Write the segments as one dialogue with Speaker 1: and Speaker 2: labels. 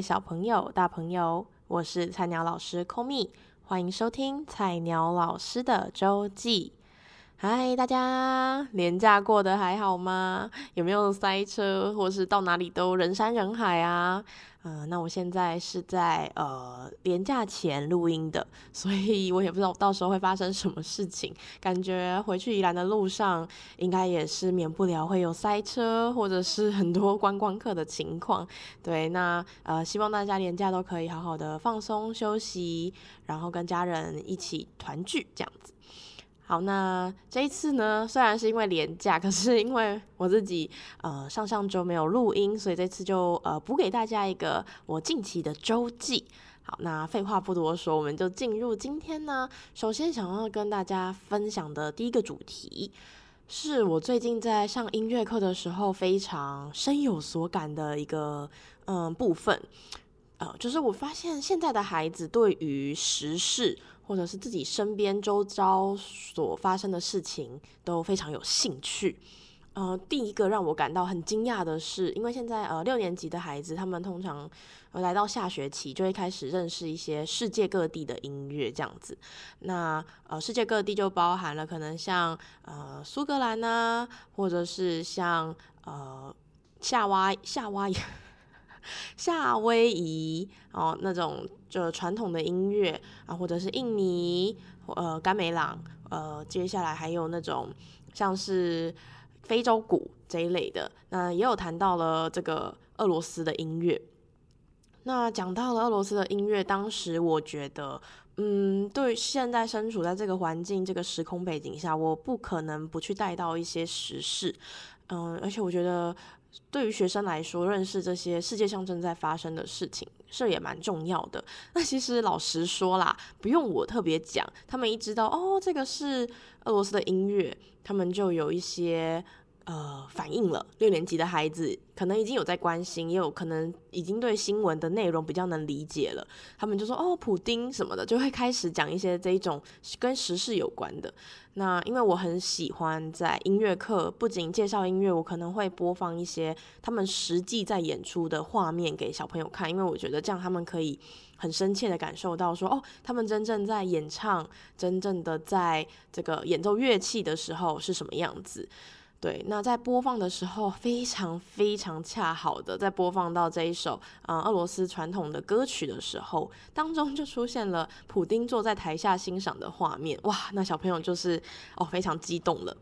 Speaker 1: 小朋友、大朋友，我是菜鳥老師 Komi。Me, 歡迎收聽菜鳥老師的週記。嗨，大家，連假過得還好嗎？有沒有塞車，或是到哪裡都人山人海啊？嗯、呃，那我現在是在呃連假前錄音的，所以我也不知道到時候會發生什麼事情。感覺回去宜蘭的路上，應該也是免不了會有塞車，或者是很多觀光客的情況。對，那呃希望大家連假都可以好好的放鬆休息，然後跟家人一起團聚這樣子。好，那這一次呢，雖然是因為連假，可是因為我自己呃上上週沒有錄音，所以這次就呃補給大家一個我近期的週記。好，那廢話不多說，我們就進入今天呢。首先想要跟大家分享的第一個主題，是我最近在上音樂課的時候非常深有所感的一個嗯部分。呃，就是我發現現在的孩子對於時事或者是自己身邊周遭所發生的事情都非常有興趣。呃，第一個讓我感到很驚訝的是，因為現在呃六年級的孩子，他們通常、呃、來到下學期就會開始認識一些世界各地的音樂這樣子。那呃，世界各地就包含了可能像呃蘇格蘭呢、啊，或者是像呃夏娃夏娃。夏娃 夏威夷哦，那種就傳統的音樂啊，或者是印尼，呃，甘美朗，呃，接下來還有那種像是非洲鼓這一類的。那也有談到了這個俄羅斯的音樂。那講到了俄羅斯的音樂，當時我覺得，嗯，對，現在身處在這個環境、這個時空背景下，我不可能不去帶到一些時事，嗯，而且我覺得。對於學生來說，認識這些世界上正在發生的事情，這也蠻重要的。那其實老實說啦，不用我特別講，他們一知道哦，這個是俄羅斯的音樂，他們就有一些。呃，反應了六年級的孩子可能已經有在關心，也有可能已經對新聞的內容比較能理解了。他們就說：“哦，普丁什麼的，就會開始講一些這一種跟時事有關的。”那因為我很喜歡在音樂課，不僅介紹音樂，我可能會播放一些他們實際在演出的畫面給小朋友看，因為我覺得這樣他們可以很深切的感受到說：“哦，他們真正在演唱，真正的在這個演奏樂器的時候是什麼樣子。”對，那在播放的時候，非常非常恰好的在播放到這一首啊、呃、俄羅斯傳統的歌曲的時候，當中就出現了普丁坐在台下欣賞的畫面，哇，那小朋友就是哦非常激動了。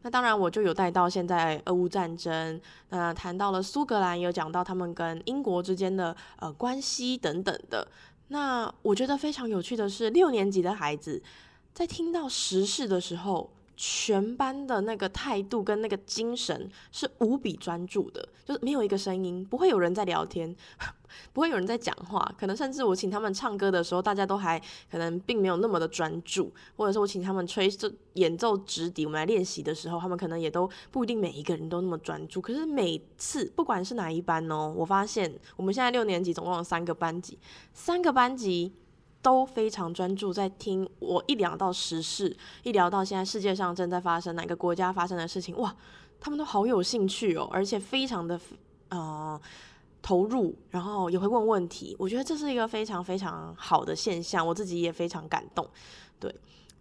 Speaker 1: 那當然，我就有帶到現在俄烏戰爭，那談到了蘇格蘭，有講到他們跟英國之間的呃關係等等的。那我覺得非常有趣的是，六年級的孩子在聽到時事的時候，全班的那個態度跟那個精神是無比專注的，就是沒有一個聲音，不會有人在聊天，不會有人在講話。可能甚至我請他們唱歌的時候，大家都還可能並沒有那麼的專注，或者是我請他們吹奏演奏直笛，我們來練習的時候，他們可能也都不一定每一個人都那麼專注。可是每次，不管是哪一班哦，我發現我們現在六年級總共有三個班級，三個班級。都非常專注在聽我一聊到時事，一聊到現在世界上正在發生哪個國家發生的事情，哇，他們都好有興趣哦，而且非常的啊投入，然後也會問問題，我覺得這是一個非常非常好的現象，我自己也非常感動，對。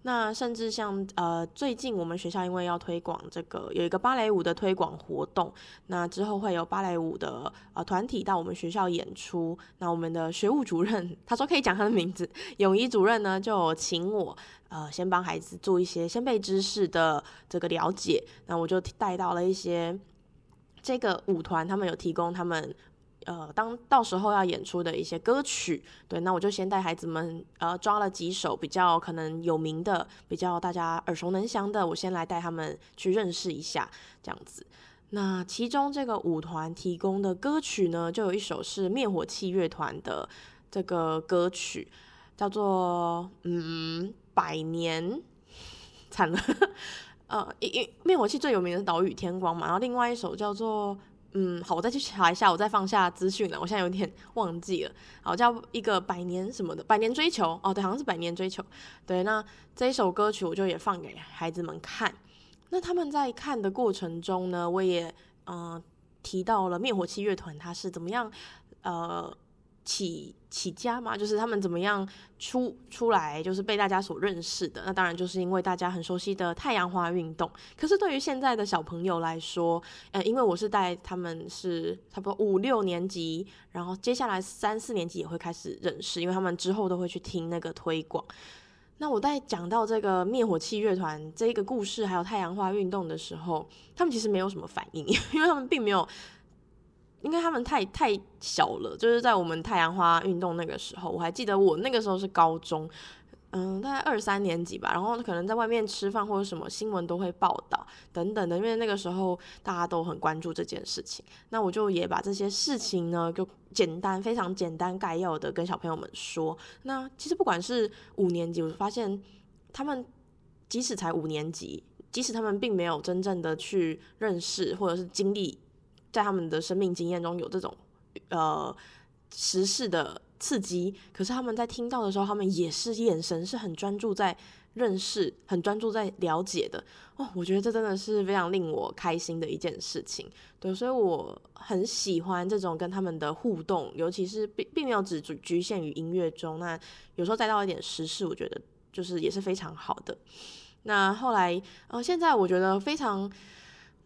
Speaker 1: 那甚至像呃，最近我們學校因為要推廣這個，有一個芭蕾舞的推廣活動，那之後會有芭蕾舞的呃團體到我們學校演出。那我們的學務主任他說可以講他的名字，泳衣主任呢就請我呃先幫孩子做一些先備知識的這個了解，那我就帶到了一些這個舞團，他們有提供他們。呃，當到時候要演出的一些歌曲，對，那我就先帶孩子們，呃，抓了幾首比較可能有名的、比較大家耳熟能詳的，我先來帶他們去認識一下，這樣子。那其中這個舞團提供的歌曲呢，就有一首是滅火器樂團的這個歌曲，叫做嗯，百年，慘了， 呃，一一滅火器最有名的是島嶼天光嘛，然後另外一首叫做。嗯，好，我再去查一下，我再放下資訊了。我現在有點忘記了，好，叫一個百年什麼的，百年追求哦，對，好像是百年追求。對，那這首歌曲我就也放給孩子們看。那他們在看的過程中呢，我也嗯、呃、提到了滅火器樂團，它是怎麼樣呃。起起家嘛，就是他們怎麼樣出出來，就是被大家所認識的。那當然就是因為大家很熟悉的太陽花運動。可是對於現在的小朋友來說，呃，因為我是帶他們是差不多五六年級，然後接下來三四年級也會開始認識，因為他們之後都會去聽那個推廣。那我在講到這個滅火器樂團這一個故事，還有太陽花運動的時候，他們其實沒有什麼反應，因為他們並沒有。因為他們太太小了，就是在我們太陽花運動那個時候，我還記得我那個時候是高中，嗯，大概二三年級吧。然後可能在外面吃飯或者什麼新聞都會報道等等的，因為那個時候大家都很關注這件事情。那我就也把這些事情呢，就簡單、非常簡單概要的跟小朋友們說。那其實不管是五年級，我發現他們即使才五年級，即使他們並沒有真正的去認識或者是經歷。在他們的生命經驗中有這種呃時事的刺激，可是他們在聽到的時候，他們也是眼神是很專注在認識，很專注在了解的哦。我覺得這真的是非常令我開心的一件事情，對，所以我很喜歡這種跟他們的互動，尤其是並並沒有只局限於音樂中。那有時候帶到一點時事，我覺得就是也是非常好的。那後來，呃，現在我覺得非常，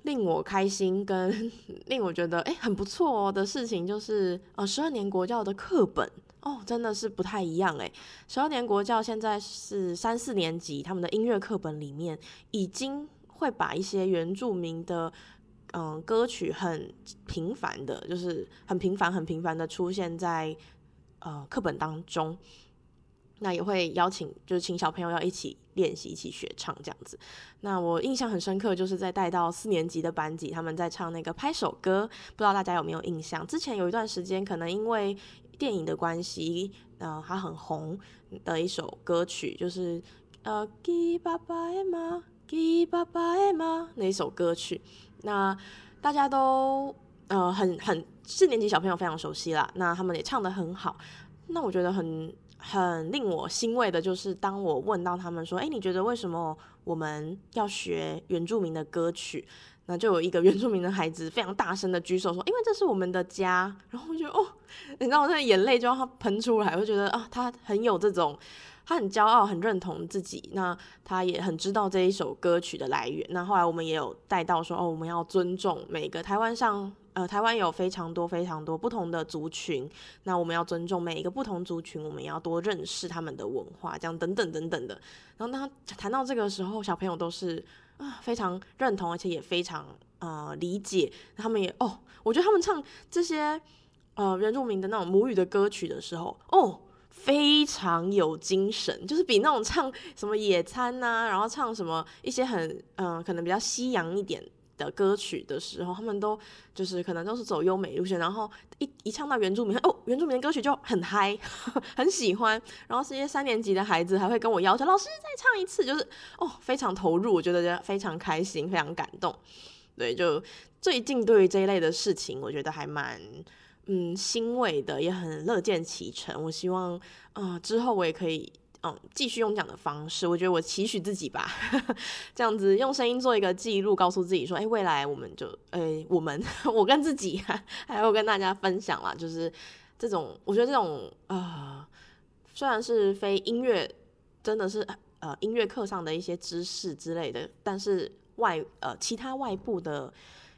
Speaker 1: 令我開心跟令我覺得哎、欸、很不錯、喔、的事情就是呃、十二年國教的課本哦，真的是不太一樣哎、欸。十二年國教現在是三四年級，他們的音樂課本裡面已經會把一些原住民的嗯、呃、歌曲很頻繁的，就是很頻繁很頻繁的出現在呃課本當中。那也會邀請，就是請小朋友要一起練習，一起學唱這樣子。那我印象很深刻，就是在帶到四年級的班級，他們在唱那個拍手歌，不知道大家有沒有印象？之前有一段時間，可能因為電影的關係，嗯、呃，還很紅的一首歌曲，就是呃，給爸爸愛、欸、嗎？給爸爸愛、欸、嗎？那一首歌曲？那大家都呃很很四年級小朋友非常熟悉啦。那他們也唱得很好，那我覺得很。很令我欣慰的就是，當我問到他們說：“哎、欸，你覺得為什麼我們要學原住民的歌曲？”那就有一個原住民的孩子非常大聲的舉手說：“欸、因為這是我們的家。”然後我覺得哦，你知道我現在眼淚就要噴出來，我就覺得啊，他很有這種。他很驕傲，很認同自己。那他也很知道這一首歌曲的來源。那後來我們也有帶到說，哦，我們要尊重每一個台灣上，呃，台灣有非常多非常多不同的族群。那我們要尊重每一個不同族群，我們也要多認識他們的文化，這樣等等等等的。然後他談到這個時候，小朋友都是啊、呃、非常認同，而且也非常啊、呃、理解。他們也哦，我覺得他們唱這些呃原住民的那種母語的歌曲的時候，哦。非常有精神，就是比那種唱什麼野餐吶、啊，然後唱什麼一些很嗯、呃，可能比較西洋一點的歌曲的時候，他們都就是可能都是走優美路線，然後一一唱到原住民，哦，原住民的歌曲就很嗨， 很喜歡。然後是一些三年級的孩子還會跟我要求，老師再唱一次，就是哦，非常投入，我覺得就非常開心，非常感動。對，就最近對於這一類的事情，我覺得還蠻。嗯，欣慰的也很樂見其成。我希望，啊、呃，之後我也可以，嗯、呃，繼續用講的方式。我覺得我期許自己吧呵呵，這樣子用聲音做一個記錄，告訴自己說，哎、欸，未來我們就，哎、欸，我們，我跟自己還要跟大家分享啦。就是這種，我覺得這種，啊、呃，雖然是非音樂，真的是，呃，音樂課上的一些知識之類的，但是外，呃，其他外部的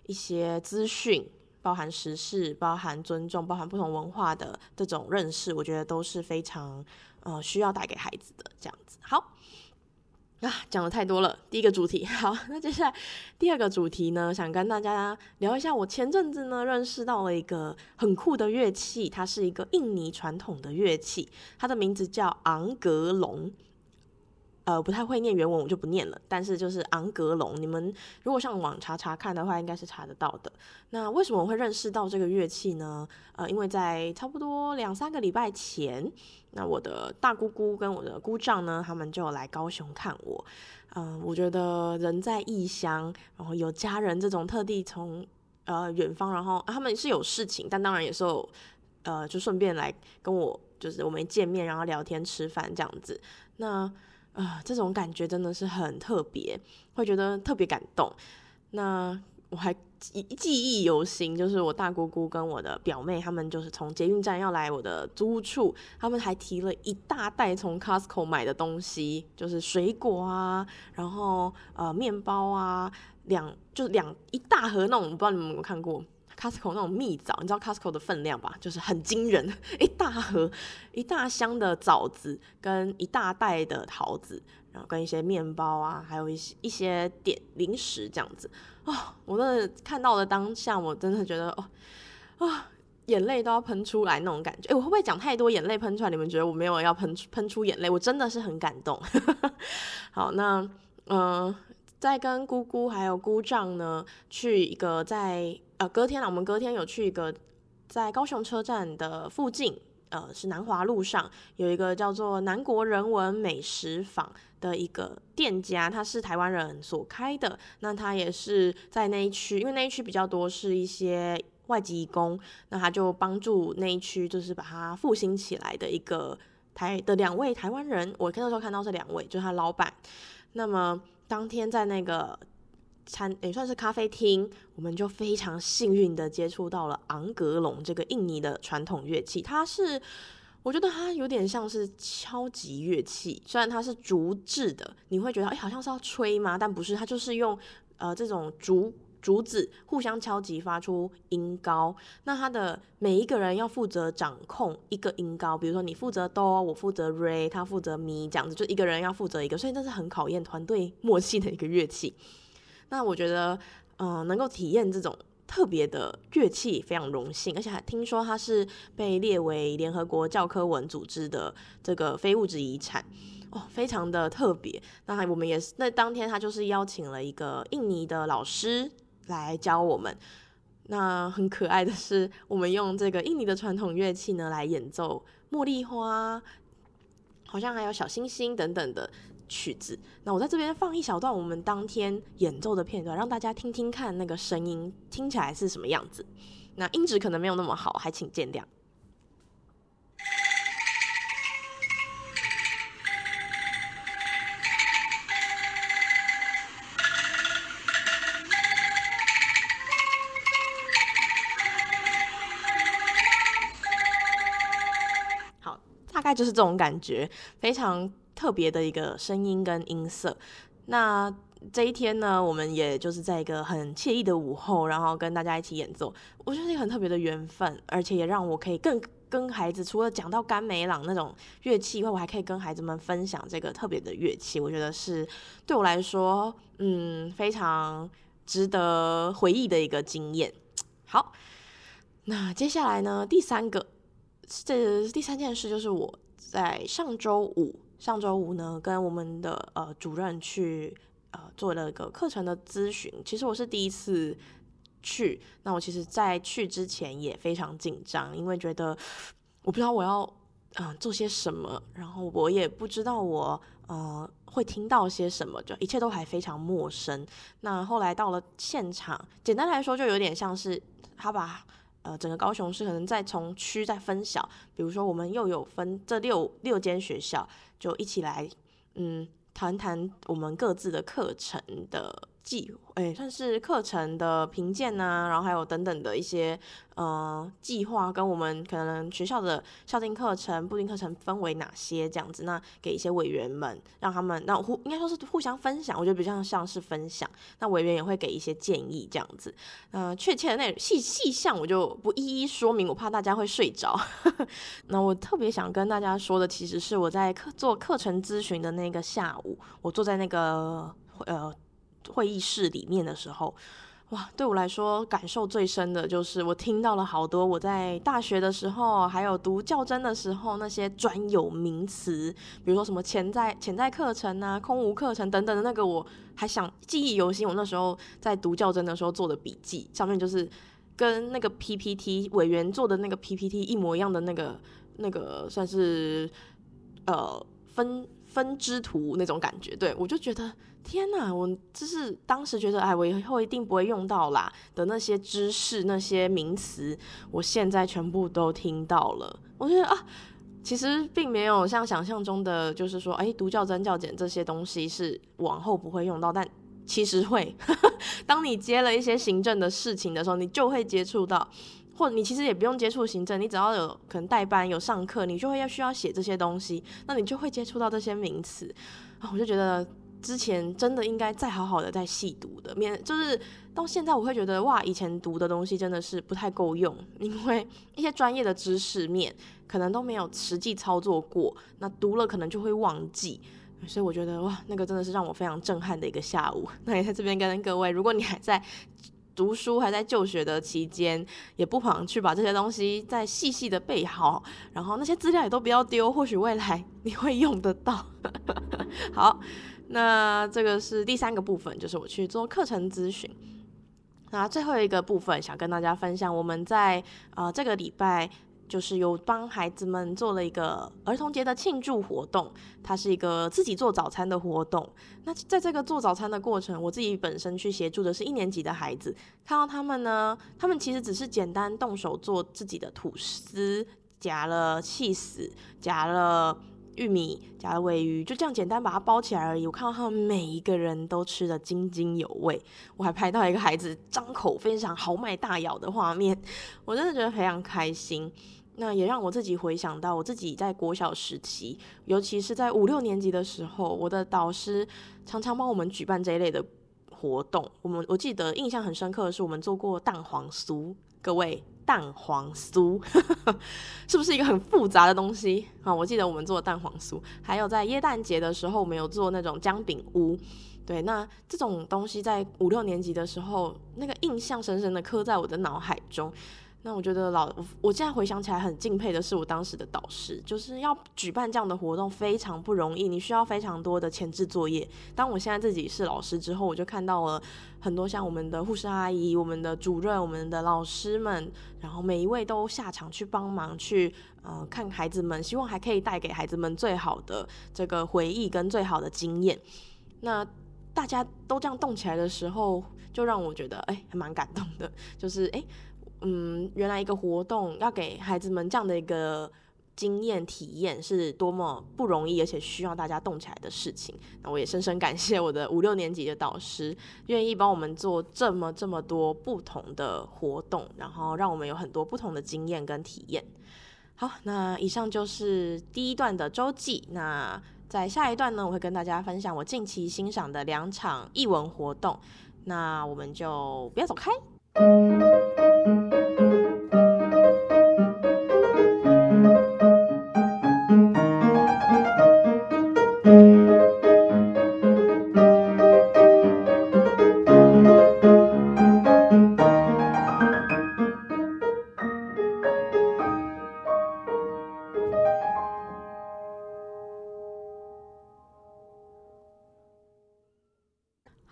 Speaker 1: 一些資訊。包含時事、包含尊重、包含不同文化的這種認識，我覺得都是非常呃需要帶給孩子的。這樣子好啊，講了太多了，第一個主題好，那接下來第二個主題呢，想跟大家聊一下。我前陣子呢，認識到了一個很酷的樂器，它是一個印尼傳統的樂器，它的名字叫昂格隆。呃，不太會念原文，我就不念了。但是就是昂格隆，你們如果上網查查看的話，應該是查得到的。那為什麼我會認識到這個樂器呢？呃，因為在差不多兩三個禮拜前，那我的大姑姑跟我的姑丈呢，他們就來高雄看我。嗯、呃，我覺得人在異鄉，然後有家人這種特地從呃遠方，然後啊、他們是有事情，但當然也是有呃，就順便來跟我，就是我們見面，然後聊天、吃飯這樣子。那啊、呃，這種感覺真的是很特別，會覺得特別感動。那我還記憶猶新，就是我大姑姑跟我的表妹他們，就是從捷運站要來我的租屋處，他們還提了一大袋從 Costco 買的東西，就是水果啊，然後呃麵包啊，兩就是兩一大盒那種，我不知道你們有沒有看過？Costco 那種蜜棗，你知道 Costco 的分量吧？就是很驚人，一大盒、一大箱的棗子，跟一大袋的桃子，然後跟一些麵包啊，還有一些一些點零食這樣子。哦，我真的看到的當下，我真的覺得哦啊、哦，眼淚都要噴出來那種感覺。哎，我會不會講太多眼淚噴出來？你們覺得我沒有要噴出噴出眼淚？我真的是很感動。 好，那嗯，再、呃、跟姑姑還有姑丈呢去一個在。呃，隔天啦，我們隔天有去一個在高雄車站的附近，呃，是南華路上有一個叫做南國人文美食坊的一個店家，他是台灣人所開的。那他也是在那一區，因為那一區比較多是一些外籍移工，那他就幫助那一區，就是把它復興起來的一個台的兩位台灣人，我看到時候看到這兩位，就是他老闆。那麼當天在那個，餐也，欸、算是咖啡廳，我們就非常幸運的接觸到了昂格隆這個印尼的傳統樂器。它是，我覺得它有點像是敲擊樂器，雖然它是竹製的，你會覺得哎，欸、好像是要吹嗎？但不是，它就是用呃這種竹竹子互相敲擊發出音高。那它的每一個人要負責掌控一個音高，比如說你負責哆，我負責瑞，他負責咪這樣子，就一個人要負責一個，所以這是很考驗團隊默契的一個樂器。那我覺得，嗯、呃，能夠體驗這種特別的樂器非常榮幸，而且還聽說它是被列為聯合國教科文組織的這個非物質遺產，哦，非常的特別。那還我們也是，那當天他就是邀請了一個印尼的老師來教我們。那很可愛的是，我們用這個印尼的傳統樂器呢來演奏《茉莉花》，好像還有小星星等等的。曲子。那我在這邊放一小段我們當天演奏的片段，讓大家聽聽看那個聲音聽起來是什麼樣子。那音質可能沒有那麼好，還請見諒。好，大概就是這種感覺，非常。特別的一個聲音跟音色。那這一天呢，我們也就是在一個很愜意的午後，然後跟大家一起演奏。我覺得是一個很特別的緣分，而且也讓我可以更跟孩子，除了講到甘美朗那種樂器以外，我還可以跟孩子們分享這個特別的樂器。我覺得是對我來說，嗯，非常值得回憶的一個經驗。好，那接下來呢，第三個，這第三件事就是我在上周五。上週五呢，跟我們的呃主任去呃做了一個課程的諮詢。其實我是第一次去，那我其實在去之前也非常緊張，因為覺得我不知道我要嗯、呃、做些什麼，然後我也不知道我呃會聽到些什麼，就一切都還非常陌生。那後來到了現場，簡單來說就有點像是他把。呃，整個高雄市可能再從區再分小，比如說我們又有分這六六間學校，就一起來，嗯，談談我們各自的課程的。計誒、欸，算是課程的評鑑吶，然後還有等等的一些呃計劃，跟我們可能學校的校定課程、部定課程分為哪些這樣子。那給一些委員們，讓他們那互，應該說是互相分享，我覺得比較像是分享。那委員也會給一些建議這樣子。嗯、呃，確切的內容細細項我就不一一說明，我怕大家會睡着。 那我特別想跟大家說的，其實是我在課做課程諮詢的那個下午，我坐在那個呃。會議室裡面的時候，哇，對我來說感受最深的就是我聽到了好多我在大學的時候，還有讀教甄的時候那些專有名詞，比如說什麼潛在潛在課程啊、空無課程等等的那個，我還想記憶猶新。我那時候在讀教甄的時候做的筆記，上面就是跟那個 PPT 委員做的那個 PPT 一模一樣的那個那個，算是呃分。分支圖那種感覺，對我就覺得天哪！我就是當時覺得，哎，我以後一定不會用到啦的那些知識、那些名詞，我現在全部都聽到了。我覺得啊，其實並沒有像想象中的，就是說，哎，讀教專教簡這些東西是往後不會用到，但其實會呵呵。當你接了一些行政的事情的時候，你就會接觸到。或你其實也不用接觸行政，你只要有可能代班有上課，你就會要需要寫這些東西，那你就會接觸到這些名詞啊。我就覺得之前真的應該再好好的再細讀的，免就是到現在我會覺得哇，以前讀的東西真的是不太夠用，因為一些專業的知識面可能都沒有實際操作過，那讀了可能就會忘記。所以我覺得哇，那個真的是讓我非常震撼的一個下午。那也在這邊跟各位，如果你還在。讀書還在就學的期間，也不妨去把這些東西再細細的背好，然後那些資料也都不要丟，或許未來你會用得到。 好，那這個是第三個部分，就是我去做課程諮詢。那最後一個部分想跟大家分享，我們在呃這個禮拜。就是有幫孩子們做了一個兒童節的慶祝活動，它是一個自己做早餐的活動。那在這個做早餐的過程，我自己本身去協助的是一年級的孩子。看到他們呢，他們其實只是簡單動手做自己的吐司，夾了起司、夾了玉米，夾了鮪魚，就這樣簡單把它包起來而已。我看到他們每一個人都吃得津津有味，我還拍到一個孩子張口非常豪邁大咬的畫面，我真的覺得非常開心。那也讓我自己回想到我自己在國小時期，尤其是在五六年級的時候，我的導師常常幫我們舉辦這一類的活動。我們我記得印象很深刻的是，我們做過蛋黃酥，各位蛋黃酥呵呵是不是一個很複雜的東西啊？我記得我們做蛋黃酥，還有在耶誕節的時候，我們有做那種薑餅屋。對，那這種東西在五六年級的時候，那個印象深深的刻在我的腦海中。那我覺得老我現在回想起來很敬佩的是我當時的導師，就是要舉辦這樣的活動非常不容易，你需要非常多的前置作業。當我現在自己是老師之後，我就看到了很多像我們的護士阿姨、我們的主任、我們的老師們，然後每一位都下場去幫忙去，呃，看孩子們，希望還可以帶給孩子們最好的這個回憶跟最好的經驗。那大家都這樣動起來的時候，就讓我覺得哎還蠻感動的，就是哎。嗯，原來一個活動要給孩子們這樣的一個經驗體驗是多麼不容易，而且需要大家動起來的事情。那我也深深感謝我的五六年級的導師，願意幫我們做這麼這麼多不同的活動，然後讓我們有很多不同的經驗跟體驗。好，那以上就是第一段的周記。那在下一段呢，我會跟大家分享我近期欣賞的兩場藝文活動。那我們就不要走開。嗯哈嘍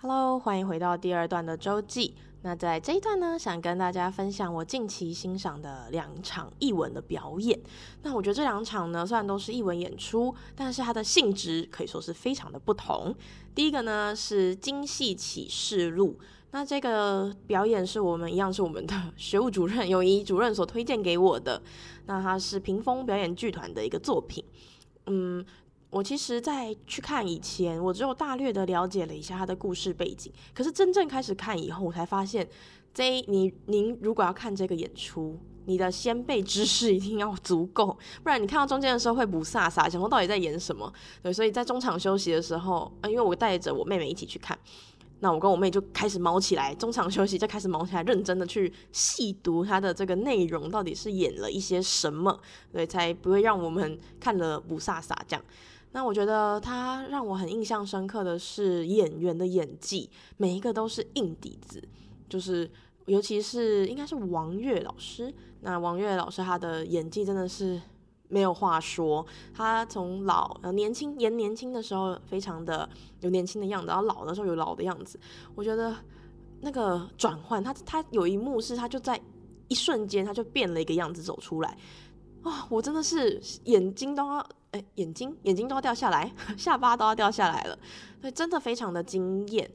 Speaker 1: ，Hello, 歡迎回到第二段的週記。那在這一段呢，想跟大家分享我近期欣賞的兩場藝文的表演。那我覺得這兩場呢，雖然都是藝文演出，但是它的性質可以說是非常的不同。第一個呢是《京戲啟示錄》，那這個表演是我們一樣是我們的學務主任、有一主任所推薦給我的。那它是屏風表演劇團的一個作品，嗯。我其實，在去看以前，我只有大略的了解了一下他的故事背景。可是真正開始看以後，我才發現，這你您如果要看這個演出，你的先備知識一定要足夠，不然你看到中間的時候會霧煞煞，想說到底在演什麼？對，所以在中場休息的時候，啊，因為我帶着我妹妹一起去看，那我跟我妹就開始貓起來，中場休息就開始貓起來，認真的去細讀他的這個內容，到底是演了一些什麼？對，才不會讓我們看了霧煞煞這樣。那我覺得他讓我很印象深刻的是演員的演技，每一個都是硬底子，就是尤其是應該是王月老師。那王月老師他的演技真的是沒有話說，他從老年輕演年輕的時候非常的有年輕的樣子，然後老的時候有老的樣子。我覺得那個轉換，他他有一幕是他就在一瞬間他就變了一個樣子走出來，啊、哦，我真的是眼睛都要。眼睛眼睛都要掉下來，下巴都要掉下來了，所以真的非常的驚艷。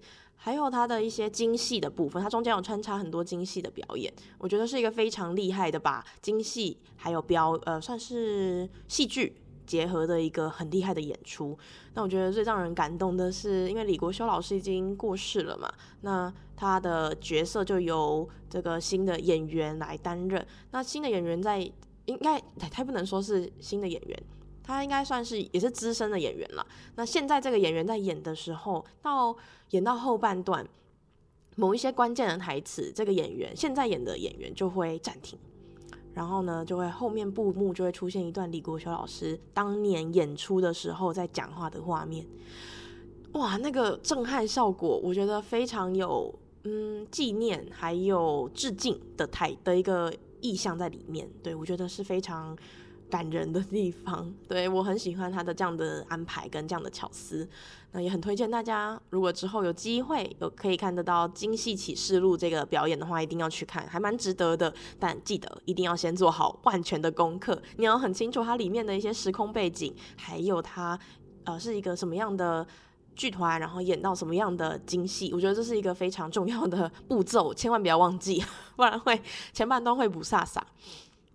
Speaker 1: 還有他的一些精細的部分，他中間有穿插很多精細的表演，我覺得是一個非常厲害的吧，精細還有標呃，算是戲劇結合的一個很厲害的演出。那我覺得最讓人感動的是，因為李國修老師已經過世了嘛，那他的角色就由這個新的演員來擔任。那新的演員在應該他不能說是新的演員。他應該算是也是資深的演員了。那現在這個演員在演的時候，到演到後半段，某一些關鍵的台詞，這個演員現在演的演員就會暫停，然後呢，就會後面布幕就會出現一段李國修老師當年演出的時候在講話的畫面。哇，那個震撼效果，我覺得非常有嗯紀念還有致敬的台的一個意象在裡面，對我覺得是非常。感人的地方，對我很喜歡他的這樣的安排跟這樣的巧思，那也很推薦大家，如果之後有機會有可以看得到《京戲啟示錄》這個表演的話，一定要去看，還蠻值得的。但記得一定要先做好萬全的功課，你要很清楚它裡面的一些時空背景，還有它呃是一個什麼樣的劇團，然後演到什麼樣的京戲，我覺得這是一個非常重要的步驟，千萬不要忘記，不然會前半段會霧煞煞。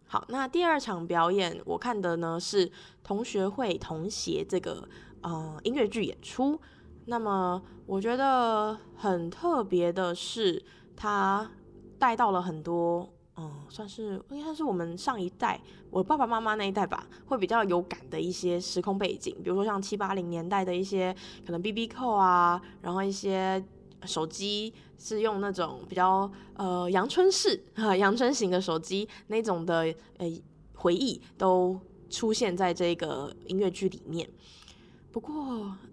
Speaker 1: 好，那第二場表演我看的呢是《同學會！同鞋》，這個呃音樂劇演出。那麼我覺得很特別的是，他帶到了很多嗯，算是應該算是我們上一代，我爸爸媽媽那一代吧，會比較有感的一些時空背景，比如說像七八零年代的一些可能 BB Call 啊，然後一些。手機是用那種比較呃陽春式、呃、陽春型的手機那種的呃、欸、回憶都出現在這個音樂劇裡面。不過，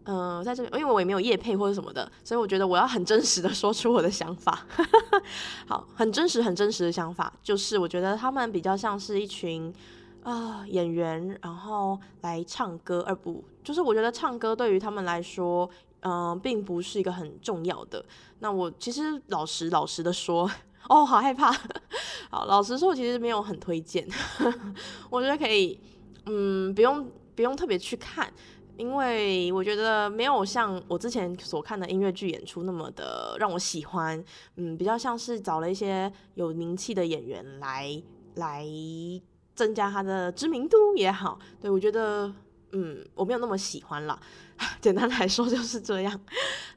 Speaker 1: 嗯、呃，在這邊因為我也沒有業配或者什麼的，所以我覺得我要很真實的說出我的想法。 好，很真實、很真實的想法就是，我覺得他們比較像是一群啊、呃、演員，然後來唱歌二部，而不就是我覺得唱歌對於他們來說。嗯、呃，並不是一個很重要的。那我其實老實老實的說，哦，好害怕。好，老實說，其實沒有很推薦。我覺得可以，嗯，不用不用特別去看，因為我覺得沒有像我之前所看的音樂劇演出那麼的讓我喜歡。嗯，比較像是找了一些有名氣的演員來來增加他的知名度也好。對，我覺得，嗯，我沒有那麼喜歡了。簡單來說就是這樣。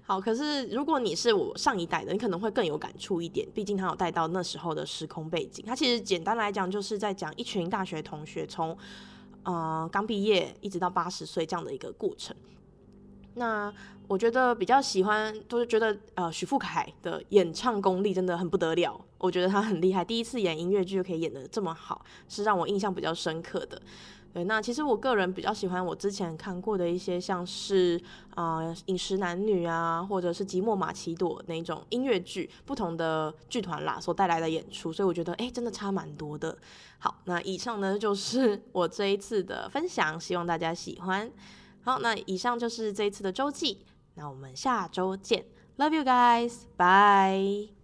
Speaker 1: 好，可是如果你是我上一代的，你可能會更有感觸一點，畢竟他有帶到那時候的時空背景。他其實簡單來講就是在講一群大學同學從呃剛畢業一直到八十歲這樣的一個過程。那我覺得比較喜歡，就是覺得呃許富凱的演唱功力真的很不得了，我覺得他很厲害，第一次演音樂劇就可以演得這麼好，是讓我印象比較深刻的。對，那其實我個人比較喜歡我之前看過的一些，像是啊、呃、《飲食男女》啊，或者是《即墨馬奇朵》那種音樂劇，不同的劇團啦所帶來的演出，所以我覺得、欸、真的差蠻多的。好，那以上呢，就是我這一次的分享，希望大家喜歡。好，那以上就是這一次的週記，
Speaker 2: 那我們
Speaker 1: 下周見，Love you guys，拜。